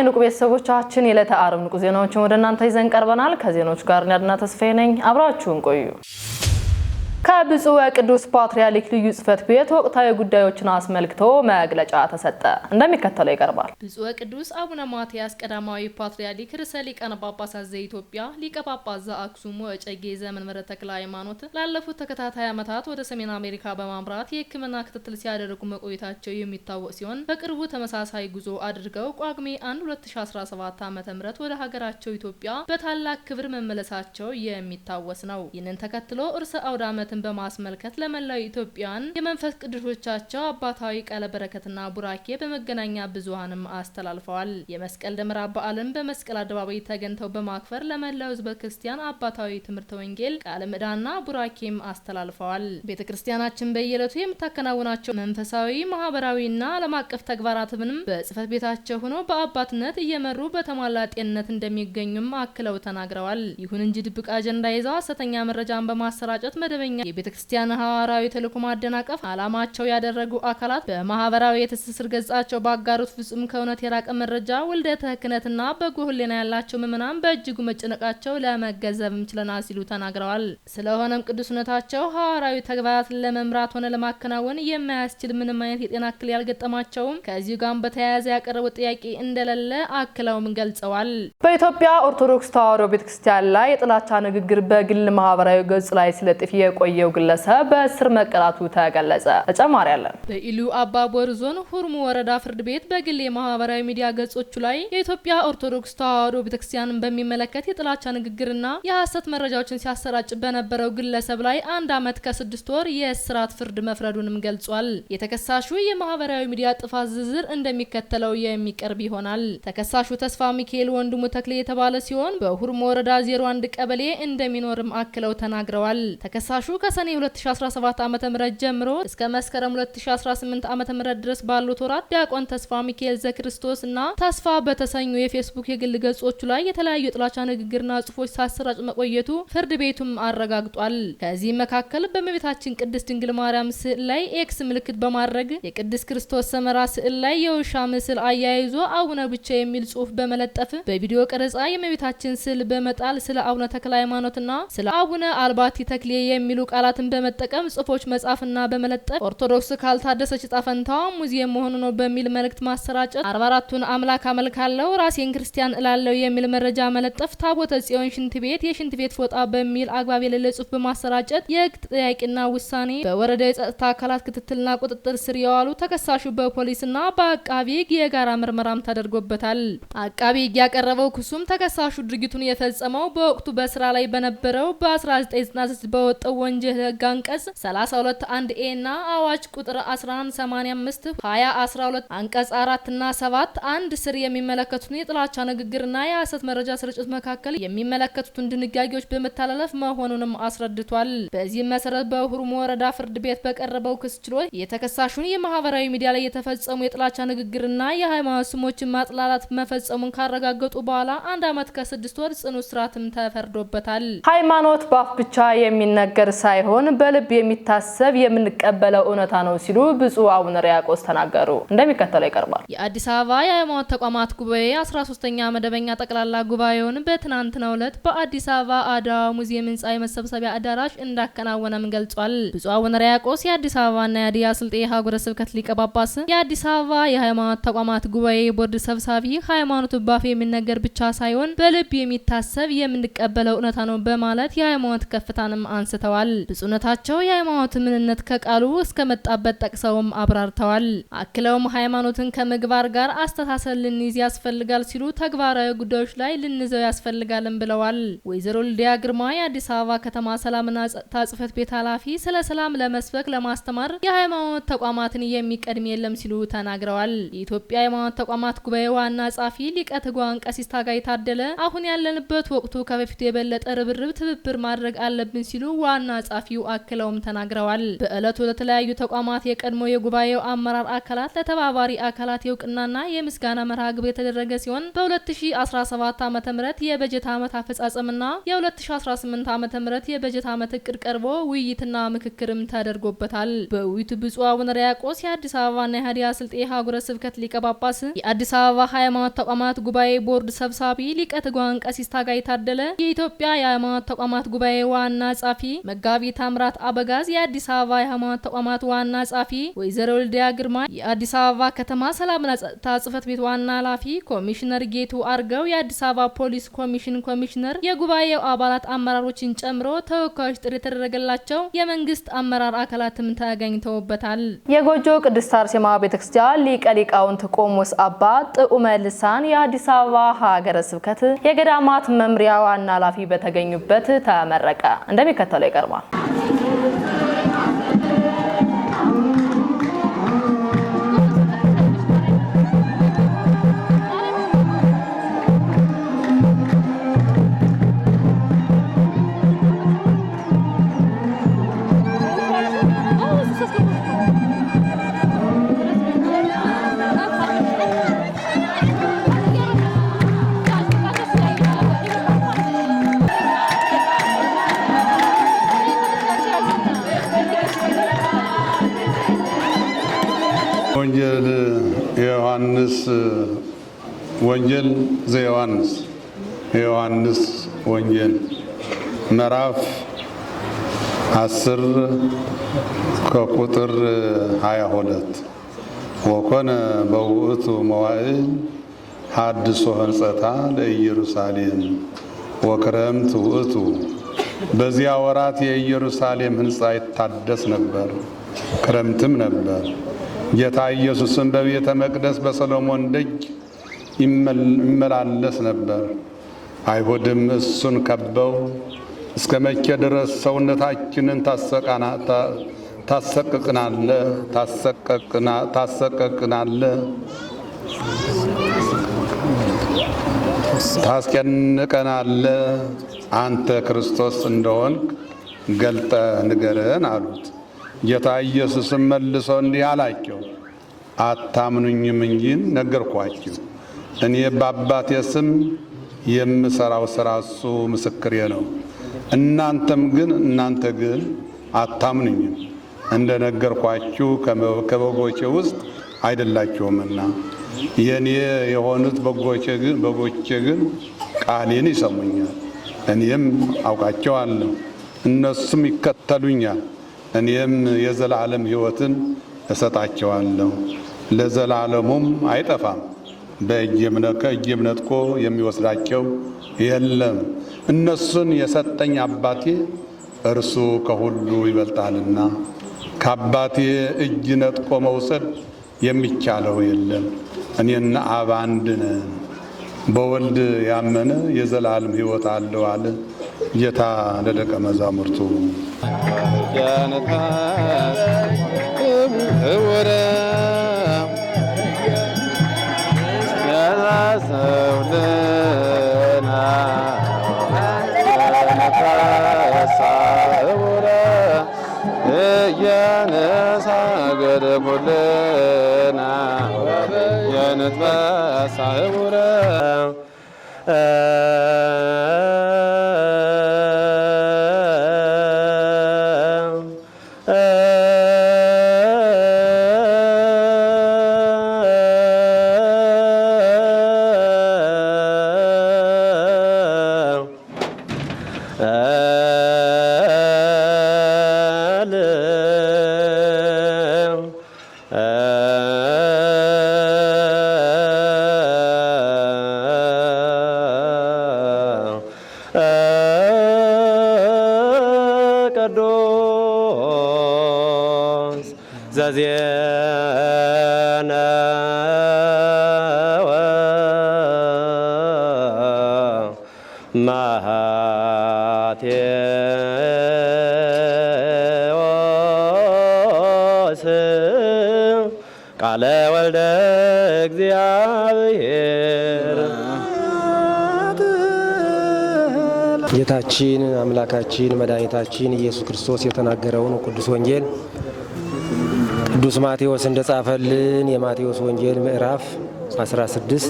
የንቁ ቤተሰቦቻችን የዕለተ አርብ ንቁ ዜናዎችን ወደ እናንተ ይዘን ቀርበናል። ከዜናዎቹ ጋር እኔ ተስፋዬ ነኝ። አብራችሁን ቆዩ። ከብፁዕ ወቅዱስ ፓትርያርክ ልዩ ጽሕፈት ቤት ወቅታዊ ጉዳዮችን አስመልክቶ መግለጫ ተሰጠ። እንደሚከተለው ይቀርባል። ብፁዕ ወቅዱስ አቡነ ማትያስ ቀዳማዊ ፓትርያርክ ርዕሰ ሊቃነ ጳጳሳት ዘኢትዮጵያ ሊቀ ጳጳስ ዘአክሱም ወእጨጌ ዘመንበረ ተክለ ሃይማኖት ላለፉት ተከታታይ ዓመታት ወደ ሰሜን አሜሪካ በማምራት የሕክምና ክትትል ሲያደርጉ መቆየታቸው የሚታወቅ ሲሆን በቅርቡ ተመሳሳይ ጉዞ አድርገው ጳጉሜ 1 2017 ዓ ም ወደ ሀገራቸው ኢትዮጵያ በታላቅ ክብር መመለሳቸው የሚታወስ ነው። ይህንን ተከትሎ እርሰ አውደ ዓመትን በ በማስመልከት ለመላው ኢትዮጵያን የመንፈስ ቅዱሶቻቸው አባታዊ ቃለ በረከትና ቡራኬ በመገናኛ ብዙሀንም አስተላልፈዋል። የመስቀል ደመራ በዓልን በመስቀል አደባባይ ተገኝተው በማክበር ለመላው ህዝበ ክርስቲያን አባታዊ ትምህርተ ወንጌል ቃለ ምዕዳንና ቡራኬም አስተላልፈዋል። ቤተ ክርስቲያናችን በየዕለቱ የምታከናውናቸው መንፈሳዊ ማህበራዊና ዓለም አቀፍ ተግባራትንም በጽህፈት ቤታቸው ሆኖ በአባትነት እየመሩ በተሟላ ጤንነት እንደሚገኙም አክለው ተናግረዋል። ይሁን እንጂ ድብቅ አጀንዳ ይዘው ሐሰተኛ መረጃን በማሰራጨት መደበኛ ክርስቲያን ሐዋርያዊ ተልእኮ ማደናቀፍ አላማቸው ያደረጉ አካላት በማህበራዊ የትስስር ገጻቸው ባጋሩት ፍጹም ከእውነት የራቀ መረጃ ውልደተ ክህነትና በጎ ሕሊና ያላቸው ምዕመናን በእጅጉ መጨነቃቸው ለመገንዘብም ችለናል ሲሉ ተናግረዋል። ስለሆነም ቅዱስነታቸው ሐዋርያዊ ተግባራትን ለመምራት ሆነ ለማከናወን የማያስችል ምንም አይነት የጤና እክል ያልገጠማቸውም ከዚሁ ጋም በተያያዘ ያቀረቡት ጥያቄ እንደሌለ አክለውም ገልጸዋል። በኢትዮጵያ ኦርቶዶክስ ተዋሕዶ ቤተክርስቲያን ላይ የጥላቻ ንግግር በግል ማህበራዊ ገጽ ላይ ሲለጥፍ የቆየው የተገኘው ግለሰብ በእስር መቀጣቱ ተገለጸ። ተጨማሪ አለን። በኢሉ አባቦር ዞን ሁርሙ ወረዳ ፍርድ ቤት በግል የማህበራዊ ሚዲያ ገጾቹ ላይ የኢትዮጵያ ኦርቶዶክስ ተዋህዶ ቤተክርስቲያንን በሚመለከት የጥላቻ ንግግርና የሐሰት መረጃዎችን ሲያሰራጭ በነበረው ግለሰብ ላይ አንድ ዓመት ከስድስት ወር የእስራት ፍርድ መፍረዱንም ገልጿል። የተከሳሹ የማህበራዊ ሚዲያ ጥፋት ዝርዝር እንደሚከተለው የሚቀርብ ይሆናል። ተከሳሹ ተስፋ ሚካኤል ወንድሙ ተክሌ የተባለ ሲሆን በሁርሙ ወረዳ 01 ቀበሌ እንደሚኖርም አክለው ተናግረዋል። ተከሳሹ ከ ከሰኔ 2017 ዓ.ም ጀምሮ እስከ መስከረም 2018 ዓ.ም ድረስ ባሉት ወራት ዲያቆን ተስፋ ሚካኤል ዘክርስቶስ እና ተስፋ በተሰኙ የፌስቡክ የግል ገጾቹ ላይ የተለያዩ የጥላቻ ንግግርና ጽሁፎች ሳሰራጭ መቆየቱ ፍርድ ቤቱም አረጋግጧል። ከዚህ መካከል በእመቤታችን ቅድስት ድንግል ማርያም ስዕል ላይ ኤክስ ምልክት በማድረግ የቅድስት ክርስቶስ ሰመራ ስዕል ላይ የውሻ ምስል አያይዞ አቡነ ብቻ የሚል ጽሁፍ በመለጠፍ በቪዲዮ ቀረጻ የእመቤታችን ስዕል በመጣል ስለ አቡነ ተክለ ሃይማኖትና ስለ አቡነ አልባቲ ተክሌ የሚሉ ቃል ቃላትን በመጠቀም ጽሁፎች መጻፍና በመለጠፍ ኦርቶዶክስ ካልታደሰች ጣፈንታዋ ሙዚየም መሆኑ ነው በሚል መልእክት ማሰራጨት፣ አርባ አራቱን አምላክ አመልካለው ራሴን ክርስቲያን እላለው የሚል መረጃ መለጠፍ፣ ታቦተ ጽዮን ሽንት ቤት የሽንት ቤት ፎጣ በሚል አግባብ የሌለ ጽሁፍ በማሰራጨት የህግ ጥያቄና ውሳኔ በወረዳ የጸጥታ አካላት ክትትልና ቁጥጥር ስር የዋሉ ተከሳሹ በፖሊስና በአቃቢ ህግ የጋራ ምርመራም ተደርጎበታል። አቃቢ ህግ ያቀረበው ክሱም ተከሳሹ ድርጊቱን የፈጸመው በወቅቱ በስራ ላይ በነበረው በ1996 በወጣው ወንጀል ህግ አንቀጽ 32 1 ኤ እና አዋጅ ቁጥር 1185 20 12 አንቀጽ 4 እና 7 አንድ ስር የሚመለከቱትን የጥላቻ ንግግርና የሀሰት መረጃ ስርጭት መካከል የሚመለከቱትን ድንጋጌዎች በመተላለፍ መሆኑንም አስረድቷል። በዚህም መሰረት በሁርሞ ወረዳ ፍርድ ቤት በቀረበው ክስ ችሎት የተከሳሹን የማህበራዊ ሚዲያ ላይ የተፈጸሙ የጥላቻ ንግግርና የሃይማኖት ስሞችን ማጥላላት መፈጸሙን ካረጋገጡ በኋላ አንድ ዓመት ከስድስት ወር ጽኑ እስራትም ተፈርዶበታል። ሃይማኖት ባፍ ብቻ የሚነገር ሳይ ሳይሆን በልብ የሚታሰብ የምንቀበለው እውነታ ነው ሲሉ ብፁዕ አቡነ ሪያቆስ ተናገሩ። እንደሚከተለው ይቀርባል። የአዲስ አበባ የሃይማኖት ተቋማት ጉባኤ አስራ ሶስተኛ መደበኛ ጠቅላላ ጉባኤውን በትናንትናው ዕለት በአዲስ አበባ አድዋ ሙዚየም ህንፃ የመሰብሰቢያ አዳራሽ እንዳከናወነም ገልጿል። ብፁዕ አቡነ ሪያቆስ የአዲስ አበባና የሀዲያ ስልጤ ሀገረ ስብከት ሊቀ ጳጳስ፣ የአዲስ አበባ የሃይማኖት ተቋማት ጉባኤ ቦርድ ሰብሳቢ ሃይማኖት ባፍ የሚነገር ብቻ ሳይሆን በልብ የሚታሰብ የምንቀበለው እውነታ ነው በማለት የሃይማኖት ከፍታንም አንስተዋል። ብፁዕነታቸው የሃይማኖት ምንነት ከቃሉ እስከመጣበት ጠቅሰውም አብራርተዋል። አክለውም ሃይማኖትን ከምግባር ጋር አስተሳሰር ልንይዝ ያስፈልጋል ሲሉ ተግባራዊ ጉዳዮች ላይ ልንዘው ያስፈልጋልም ብለዋል። ወይዘሮ ልዲያ ግርማ የአዲስ አበባ ከተማ ሰላምና ጸጥታ ጽህፈት ቤት ኃላፊ ስለ ሰላም ለመስበክ ለማስተማር የሃይማኖት ተቋማትን የሚቀድም የለም ሲሉ ተናግረዋል። የኢትዮጵያ ሃይማኖት ተቋማት ጉባኤ ዋና ጸሐፊ ሊቀ ትጉሃን ቀሲስ ታጋይ ታደለ አሁን ያለንበት ወቅቱ ከበፊቱ የበለጠ ርብርብ ትብብር ማድረግ አለብን ሲሉ ዋና ጸሐፊ ኃላፊው አክለውም ተናግረዋል። በእለቱ ለተለያዩ ተቋማት የቀድሞ የጉባኤው አመራር አካላት ለተባባሪ አካላት የእውቅናና የምስጋና መርሃ ግብር የተደረገ ሲሆን በ2017 ዓ ም የበጀት ዓመት አፈጻጸምና የ2018 ዓ ም የበጀት ዓመት እቅድ ቀርቦ ውይይትና ምክክርም ተደርጎበታል። በውይይቱ ብፁዕ አቡነ ሪያቆስ የአዲስ አበባና የሀዲያ ስልጤ ሀገረ ስብከት ሊቀ ጳጳስ፣ የአዲስ አበባ ሃይማኖት ተቋማት ጉባኤ ቦርድ ሰብሳቢ ሊቀ ትጉሃን ቀሲስ ታጋይ ታደለ፣ የኢትዮጵያ የሃይማኖት ተቋማት ጉባኤ ዋና ጻፊ መጋቢ ታምራት አበጋዝ፣ የአዲስ አበባ የሃይማኖት ተቋማት ዋና ጸሐፊ ወይዘሮ ልዲያ ግርማ፣ የአዲስ አበባ ከተማ ሰላምና ጸጥታ ጽህፈት ቤት ዋና ኃላፊ ኮሚሽነር ጌቱ አርገው፣ የአዲስ አበባ ፖሊስ ኮሚሽን ኮሚሽነር፣ የጉባኤው አባላት አመራሮችን ጨምሮ ተወካዮች ጥሪ የተደረገላቸው የመንግስት አመራር አካላትም ተገኝተውበታል። የጎጆ ቅድስት አርሴማ ቤተክርስቲያን ሊቀ ሊቃውንት ቆሞስ አባ ጥዑመ ልሳን የአዲስ አበባ ሀገረ ስብከት የገዳማት መምሪያ ዋና ኃላፊ በተገኙበት ተመረቀ። እንደሚከተለው ይቀርባል። Thank you. ምዕራፍ አስር ከቁጥር ሀያ ሁለት ወኮነ በውእቱ መዋእል ሀድሶ ህንጸታ ለኢየሩሳሌም ወክረምት ውእቱ በዚያ ወራት የኢየሩሳሌም ህንፃ ይታደስ ነበር፣ ክረምትም ነበር። ጌታ ኢየሱስም በቤተ መቅደስ በሰሎሞን ደጅ ይመላለስ ነበር። አይሁድም እሱን ከበው እስከ መቼ ድረስ ሰውነታችንን ታሰቅቅናለህ ታሰቀቅናለህ ታስጨንቀናለህ? አንተ ክርስቶስ እንደሆንክ ገልጠ ንገረን አሉት። ጌታ ኢየሱስም መልሶ እንዲህ አላቸው፣ አታምኑኝም እንጂ ነገርኳችሁ። እኔ በአባቴ ስም የምሰራው ሥራ እሱ ምስክሬ ነው። እናንተም ግን እናንተ ግን አታምኑኝም እንደነገርኳችሁ ከበጎቼ ውስጥ አይደላችሁምና የእኔ የሆኑት በጎቼ ግን ቃሌን ይሰሙኛል፣ እኔም አውቃቸዋለሁ፣ እነሱም ይከተሉኛል። እኔም የዘላለም ሕይወትን እሰጣቸዋለሁ፣ ለዘላለሙም አይጠፋም፣ በእጄም ነጥቆ የሚወስዳቸው የለም። እነሱን የሰጠኝ አባቴ እርሱ ከሁሉ ይበልጣልና ከአባቴ እጅ ነጥቆ መውሰድ የሚቻለው የለም። እኔና አብ አንድ ነን። በወልድ ያመነ የዘላለም ሕይወት አለው አለ ጌታ ለደቀ መዛሙርቱ። እውረ ኩልና የንጥበ ሳህቡረ ዘዜነ ማቴዎስ ቃለ ወልደ እግዚአብሔር ጌታችን አምላካችን መድኃኒታችን ኢየሱስ ክርስቶስ የተናገረውን ቅዱስ ወንጌል ቅዱስ ማቴዎስ እንደጻፈልን የማቴዎስ ወንጌል ምዕራፍ 16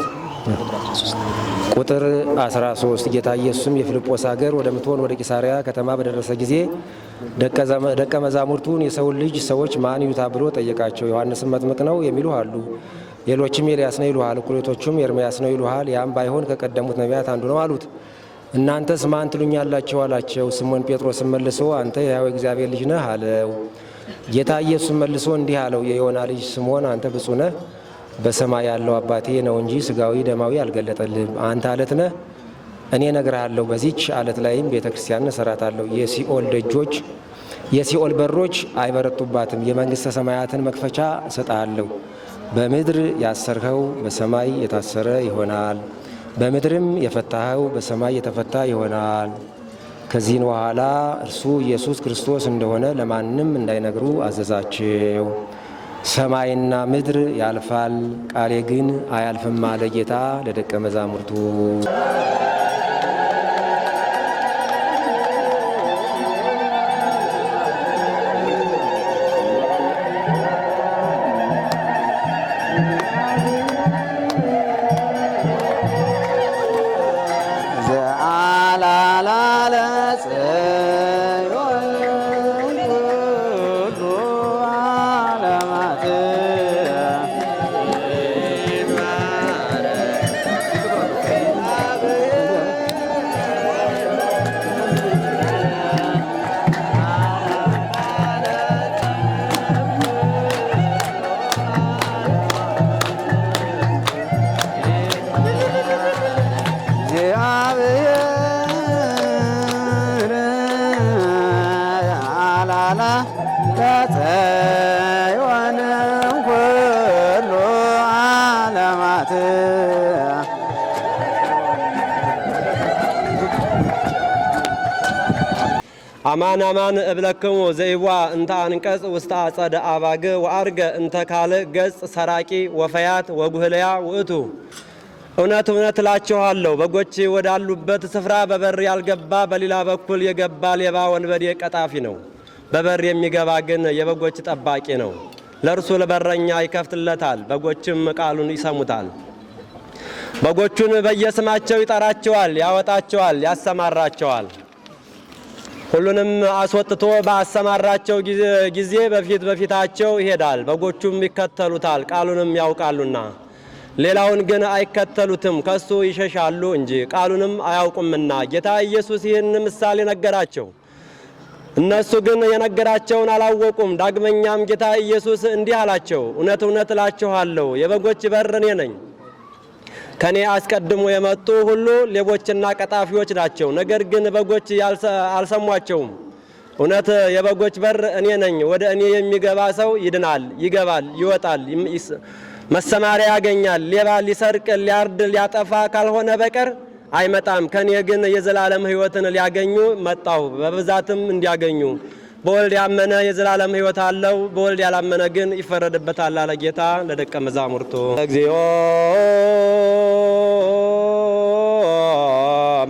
ቁጥር 13 ጌታ ኢየሱስም የፊልጶስ ሀገር ወደምትሆን ወደ ቂሳሪያ ከተማ በደረሰ ጊዜ ደቀ መዛሙርቱን የሰውን ልጅ ሰዎች ማን ይሉታል ብሎ ጠየቃቸው። ዮሐንስም መጥምቅ ነው የሚሉ አሉ፣ ሌሎችም ኤልያስ ነው ይሉሃል፣ እኩሌቶቹም ኤርምያስ ነው ይሉሃል፣ ያም ባይሆን ከቀደሙት ነቢያት አንዱ ነው አሉት። እናንተስ ማን ትሉኛላቸው? አላቸው። ስሞን ጴጥሮስም መልሶ አንተ የሕያው እግዚአብሔር ልጅ ነህ አለው። ጌታ ኢየሱስ መልሶ እንዲህ አለው፣ የዮና ልጅ ስምዖን አንተ ብፁዕ ነህ፣ በሰማይ ያለው አባቴ ነው እንጂ ስጋዊ ደማዊ አልገለጠልህም። አንተ አለት ነህ፣ እኔ እነግርሃለሁ፣ በዚች አለት ላይም ቤተ ክርስቲያንን እሰራታለሁ፣ የሲኦል ደጆች የሲኦል በሮች አይበረቱባትም። የመንግሥተ ሰማያትን መክፈቻ እሰጥሃለሁ፣ በምድር ያሰርኸው በሰማይ የታሰረ ይሆናል፣ በምድርም የፈታኸው በሰማይ የተፈታ ይሆናል። ከዚህን በኋላ እርሱ ኢየሱስ ክርስቶስ እንደሆነ ለማንም እንዳይነግሩ አዘዛቸው። ሰማይና ምድር ያልፋል፣ ቃሌ ግን አያልፍም አለ ጌታ ለደቀ መዛሙርቱ። አማን አማን እብለክሙ ዘይዋ እንተ አንቀጽ ውስተ አጸደ አባግ ወአርገ እንተ ካልእ ገጽ ሰራቂ ወፈያት ወጉህለያ ውእቱ። እውነት እውነት እላችኋለሁ በጎች ወዳሉበት ስፍራ በበር ያልገባ በሌላ በኩል የገባ ሌባ ወንበዴ ቀጣፊ ነው። በበር የሚገባ ግን የበጎች ጠባቂ ነው። ለእርሱ ለበረኛ ይከፍትለታል፣ በጎችም ቃሉን ይሰሙታል። በጎቹን በየስማቸው ይጠራቸዋል፣ ያወጣቸዋል፣ ያሰማራቸዋል። ሁሉንም አስወጥቶ ባሰማራቸው ጊዜ በፊት በፊታቸው ይሄዳል፣ በጎቹም ይከተሉታል፣ ቃሉንም ያውቃሉና። ሌላውን ግን አይከተሉትም፣ ከሱ ይሸሻሉ እንጂ ቃሉንም አያውቁምና። ጌታ ኢየሱስ ይህን ምሳሌ ነገራቸው፣ እነሱ ግን የነገራቸውን አላወቁም። ዳግመኛም ጌታ ኢየሱስ እንዲህ አላቸው፣ እውነት እውነት እላችኋለሁ የበጎች በር እኔ ነኝ። ከኔ አስቀድሞ የመጡ ሁሉ ሌቦችና ቀጣፊዎች ናቸው። ነገር ግን በጎች አልሰሟቸውም። እውነት የበጎች በር እኔ ነኝ። ወደ እኔ የሚገባ ሰው ይድናል፣ ይገባል፣ ይወጣል፣ መሰማሪያ ያገኛል። ሌባ ሊሰርቅ፣ ሊያርድ፣ ሊያጠፋ ካልሆነ በቀር አይመጣም። ከኔ ግን የዘላለም ሕይወትን ሊያገኙ መጣሁ፣ በብዛትም እንዲያገኙ በወልድ ያመነ የዘላለም ሕይወት አለው፣ በወልድ ያላመነ ግን ይፈረድበታል አለ ጌታ ለደቀ መዛሙርቱ። እግዚኦ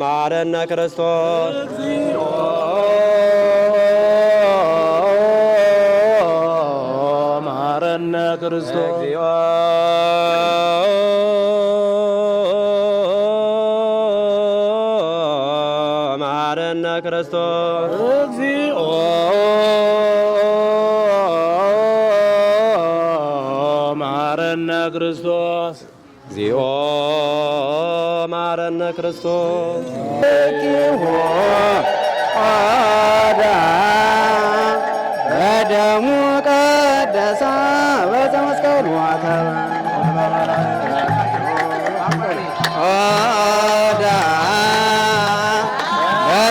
ማረነ ክርስቶስ ማረነ ክርስቶስ መሐረነ ክርስቶስ እግዚኦ መሐረነ ክርስቶስ እግዚኦ መሐረነ ክርስቶስ ዳ በደሙ ቀደሳ በዘመስቀሉ አተባ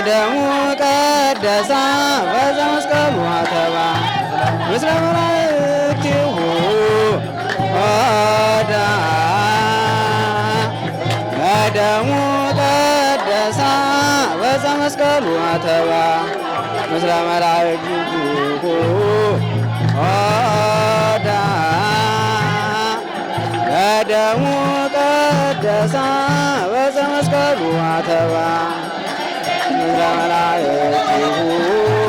ደሙ ቀደሳ በዛ መስቀሉ አተባ ምስለ መላእክቲሁ ኦዳ ደሙ ቀደሳ በዛ መስቀሉ አተባ ምስለ መላእክቲሁ ኦዳ ደሙ ቀደሳ በዛ መስቀሉ አተባ Rangana eh, eh, oh.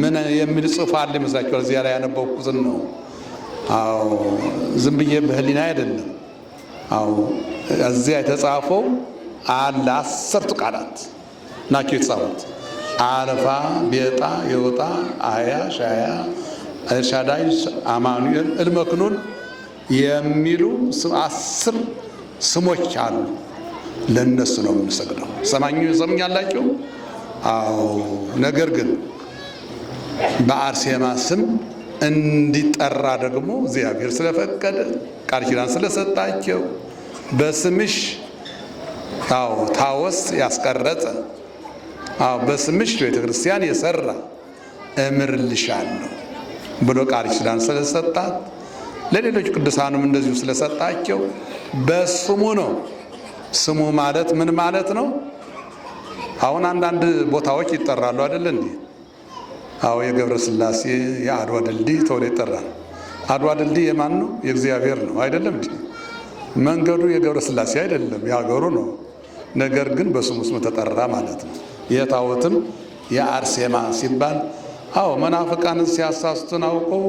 ምን የሚል ጽሑፍ አለ ይመስላችኋል? እዚያ ላይ ያነበብኩትን ነው። አዎ ዝም ብዬ በህሊና አይደለም። አዎ እዚያ የተጻፈው አለ። አሰርቱ ቃላት ናቸው የተጻፉት። አልፋ፣ ቤጣ፣ የወጣ፣ አያ፣ ሻያ፣ ኤልሻዳይ፣ አማኑኤል፣ እልመክኑን የሚሉ አስር ስሞች አሉ። ለእነሱ ነው የምንሰግደው። ሰማኙ ሰሙኛላችሁ? አዎ ነገር ግን በአርሴማ ስም እንዲጠራ ደግሞ እግዚአብሔር ስለፈቀደ ቃል ኪዳን ስለሰጣቸው በስምሽ አዎ ታወስ ያስቀረጸ አዎ በስምሽ ቤተ ክርስቲያን የሰራ እምርልሻለሁ ብሎ ቃል ኪዳን ስለሰጣት ለሌሎች ቅዱሳንም እንደዚሁ ስለሰጣቸው በስሙ ነው። ስሙ ማለት ምን ማለት ነው? አሁን አንዳንድ ቦታዎች ይጠራሉ አይደል እንዴ? አዎ የገብረ ስላሴ የአድዋ ድልድይ ተብሎ ይጠራል። አድዋ ድልድይ የማን ነው? የእግዚአብሔር ነው አይደለም እንዴ? መንገዱ የገብረ ስላሴ አይደለም የሀገሩ ነው። ነገር ግን በስሙ ስም ተጠራ ማለት ነው። የታወትም የአርሴማ ሲባል አዎ መናፍቃንን ሲያሳስቱን አውቀው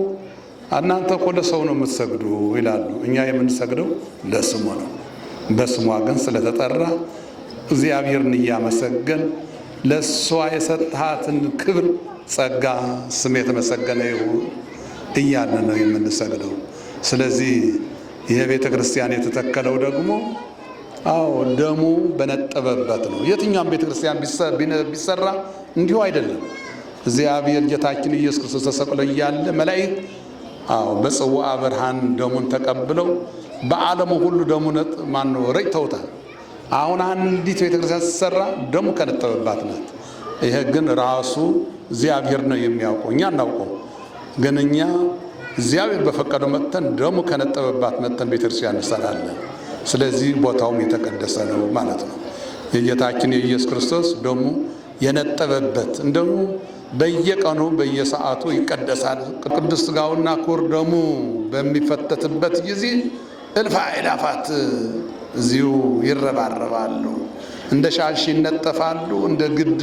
እናንተ እኮ ለሰው ነው የምትሰግዱ ይላሉ። እኛ የምንሰግደው ለስሙ ነው። በስሟ ግን ስለተጠራ እግዚአብሔርን እያመሰገን ለእሷ የሰጥሃትን ክብር ጸጋ ስም የተመሰገነ ይሁን እያልን ነው የምንሰግደው። ስለዚህ ይሄ ቤተ ክርስቲያን የተተከለው ደግሞ አዎ ደሙ በነጠበበት ነው። የትኛውም ቤተ ክርስቲያን ቢሰራ እንዲሁ አይደለም። እግዚአብሔር ጌታችን ኢየሱስ ክርስቶስ ተሰቅሎ እያለ መላእክት አዎ በጽዋ ብርሃን ደሙን ተቀብለው በዓለሙ ሁሉ ደሙ ነጥ ማን ነው ረጭተውታል። አሁን አንዲት ቤተ ክርስቲያን ስትሰራ ደሙ ከነጠበባት ናት። ይሄ ግን ራሱ እግዚአብሔር ነው የሚያውቀው፣ እኛ አናውቀው ግን እኛ እግዚአብሔር በፈቀደው መጥተን ደሙ ከነጠበባት መጥተን ቤተክርስቲያን እንሰራለን። ስለዚህ ቦታውም የተቀደሰ ነው ማለት ነው። የጌታችን የኢየሱስ ክርስቶስ ደሙ የነጠበበት እንደው በየቀኑ በየሰዓቱ ይቀደሳል። ቅዱስ ሥጋውና ክቡር ደሙ በሚፈተትበት ጊዜ እልፍ አእላፋት እዚሁ ይረባረባሉ፣ እንደ ሻሽ ይነጠፋሉ፣ እንደ ግድ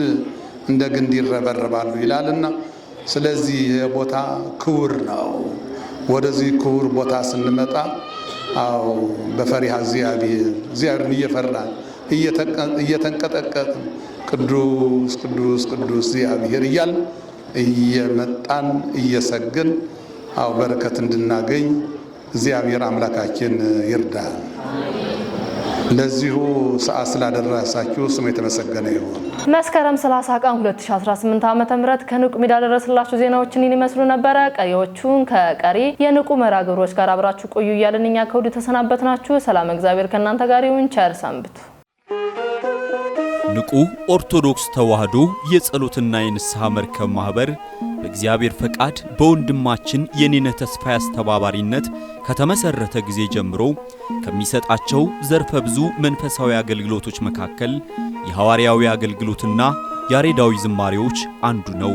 እንደ ግንድ ይረበረባሉ ይላልና፣ ስለዚህ የቦታ ቦታ ክቡር ነው። ወደዚህ ክቡር ቦታ ስንመጣ አዎ በፈሪሃ እግዚአብሔር እግዚአብሔርን እየፈራን እየተንቀጠቀጥን ቅዱስ ቅዱስ ቅዱስ እግዚአብሔር እያል እየመጣን እየሰግን አዎ በረከት እንድናገኝ እግዚአብሔር አምላካችን ይርዳል። ለዚሁ ሰዓት ስላደረሳችሁ ስም የተመሰገነ ይሁን። መስከረም 30 ቀን 2018 ዓ.ም ከንቁ ሚዲያ ደረስላችሁ ዜናዎችን ይመስሉ ነበረ። ቀሪዎቹን ከቀሪ የንቁ መርሃ ግብሮች ጋር አብራችሁ ቆዩ እያልን እኛ ከውድ ተሰናበት ናችሁ። ሰላም እግዚአብሔር ከእናንተ ጋር ይሁን። ቸር ሰንብቱ። ንቁ ኦርቶዶክስ ተዋህዶ የጸሎትና የንስሐ መርከብ ማህበር በእግዚአብሔር ፈቃድ በወንድማችን የኔነ ተስፋ አስተባባሪነት ከተመሰረተ ጊዜ ጀምሮ ከሚሰጣቸው ዘርፈ ብዙ መንፈሳዊ አገልግሎቶች መካከል የሐዋርያዊ አገልግሎትና ያሬዳዊ ዝማሬዎች አንዱ ነው።